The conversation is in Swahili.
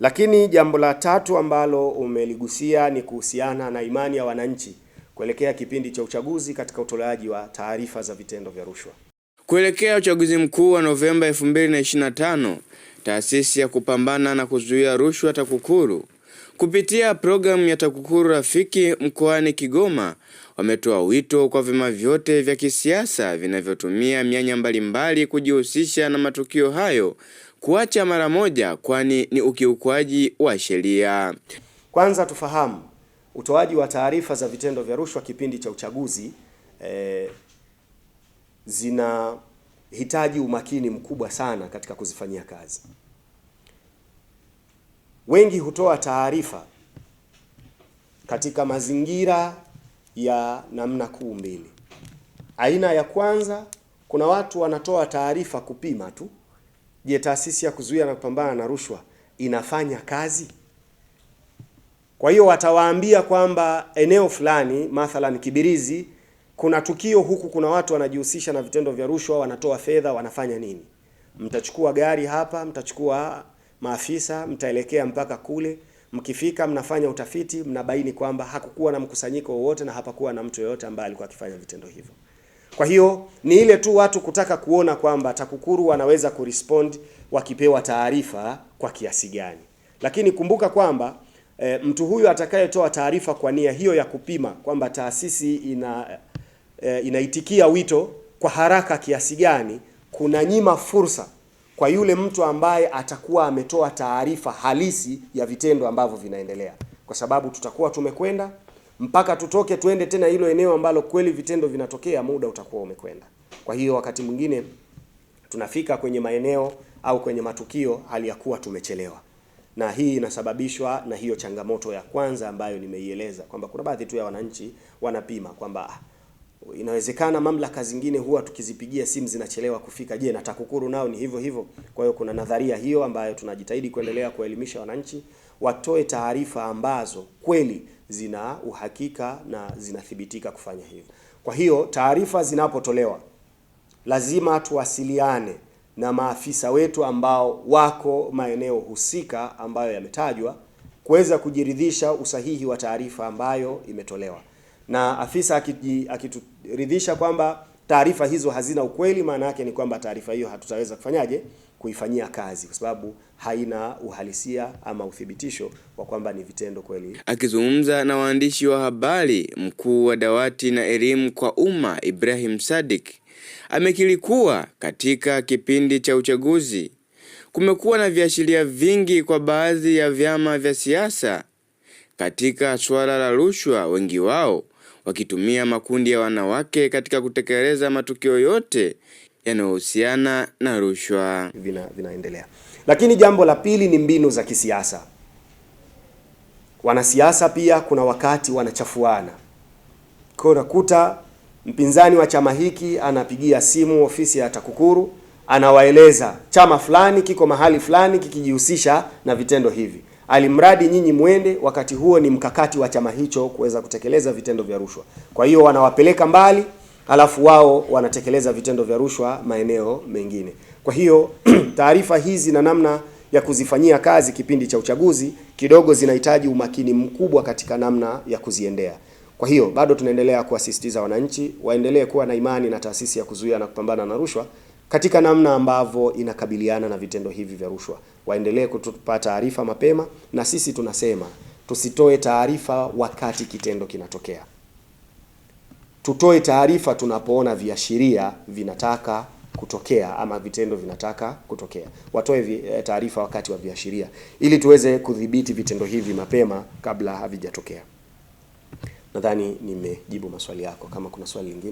Lakini jambo la tatu ambalo umeligusia ni kuhusiana na imani ya wananchi kuelekea kipindi cha uchaguzi katika utoleaji wa taarifa za vitendo vya rushwa. Kuelekea uchaguzi mkuu wa Novemba 2025, taasisi ya kupambana na kuzuia rushwa TAKUKURU kupitia programu ya TAKUKURU Rafiki mkoani Kigoma wametoa wito kwa vyama vyote vya kisiasa vinavyotumia mianya mbalimbali kujihusisha na matukio hayo kuacha mara moja, kwani ni ukiukwaji wa sheria. Kwanza tufahamu utoaji wa taarifa za vitendo vya rushwa kipindi cha uchaguzi eh, zinahitaji umakini mkubwa sana katika kuzifanyia kazi. Wengi hutoa taarifa katika mazingira ya namna kuu mbili. Aina ya kwanza, kuna watu wanatoa taarifa kupima tu Je, taasisi ya kuzuia na kupambana na rushwa inafanya kazi? Kwa hiyo watawaambia kwamba eneo fulani, mathalan Kibirizi, kuna tukio huku, kuna watu wanajihusisha na vitendo vya rushwa, wanatoa fedha, wanafanya nini? Mtachukua gari hapa, mtachukua maafisa, mtaelekea mpaka kule. Mkifika mnafanya utafiti, mnabaini kwamba hakukuwa na mkusanyiko wowote na hapakuwa na mtu yoyote ambaye alikuwa akifanya vitendo hivyo. Kwa hiyo ni ile tu watu kutaka kuona kwamba TAKUKURU wanaweza kurespond wakipewa taarifa kwa kiasi gani, lakini kumbuka kwamba e, mtu huyu atakayetoa taarifa kwa nia hiyo ya kupima kwamba taasisi ina e, inaitikia wito kwa haraka kiasi gani, kuna nyima fursa kwa yule mtu ambaye atakuwa ametoa taarifa halisi ya vitendo ambavyo vinaendelea, kwa sababu tutakuwa tumekwenda mpaka tutoke tuende tena hilo eneo ambalo kweli vitendo vinatokea, muda utakuwa umekwenda. Kwa hiyo wakati mwingine tunafika kwenye maeneo au kwenye matukio hali ya kuwa tumechelewa, na hii inasababishwa na hiyo changamoto ya kwanza ambayo nimeieleza kwamba kuna baadhi tu ya wananchi wanapima kwamba ah, inawezekana mamlaka zingine huwa tukizipigia simu zinachelewa kufika. Je, na TAKUKURU nao ni hivyo hivyo? Kwa hiyo kuna nadharia hiyo ambayo tunajitahidi kuendelea kuelimisha wananchi watoe taarifa ambazo kweli zina uhakika na zinathibitika kufanya hivyo. Kwa hiyo taarifa zinapotolewa, lazima tuwasiliane na maafisa wetu ambao wako maeneo husika ambayo yametajwa kuweza kujiridhisha usahihi wa taarifa ambayo imetolewa na afisa akituridhisha kwamba taarifa hizo hazina ukweli, maana yake ni kwamba taarifa hiyo hatutaweza kufanyaje kuifanyia kazi kwa sababu haina uhalisia ama uthibitisho wa kwamba ni vitendo kweli. Akizungumza na waandishi wa habari, mkuu wa dawati na elimu kwa umma Ibrahim Sadik amekiri kuwa katika kipindi cha uchaguzi kumekuwa na viashiria vingi kwa baadhi ya vyama vya siasa katika suala la rushwa, wengi wao wakitumia makundi ya wanawake katika kutekeleza matukio yote yanayohusiana na rushwa vina, vinaendelea. Lakini jambo la pili ni mbinu za kisiasa. Wanasiasa pia kuna wakati wanachafuana, kwa unakuta mpinzani wa chama hiki anapigia simu ofisi ya TAKUKURU, anawaeleza chama fulani kiko mahali fulani kikijihusisha na vitendo hivi alimradi nyinyi mwende. Wakati huo ni mkakati wa chama hicho kuweza kutekeleza vitendo vya rushwa. Kwa hiyo wanawapeleka mbali, alafu wao wanatekeleza vitendo vya rushwa maeneo mengine. Kwa hiyo taarifa hizi na namna ya kuzifanyia kazi kipindi cha uchaguzi kidogo zinahitaji umakini mkubwa katika namna ya kuziendea. Kwa hiyo bado tunaendelea kuwasisitiza wananchi waendelee kuwa na imani na taasisi ya kuzuia na kupambana na rushwa katika namna ambavyo inakabiliana na vitendo hivi vya rushwa. Waendelee kutupa taarifa mapema, na sisi tunasema tusitoe taarifa wakati kitendo kinatokea. Tutoe taarifa tunapoona viashiria vinataka kutokea ama vitendo vinataka kutokea. Watoe eh, taarifa wakati wa viashiria ili tuweze kudhibiti vitendo hivi mapema kabla havijatokea. Nadhani nimejibu maswali yako. Kama kuna swali lingine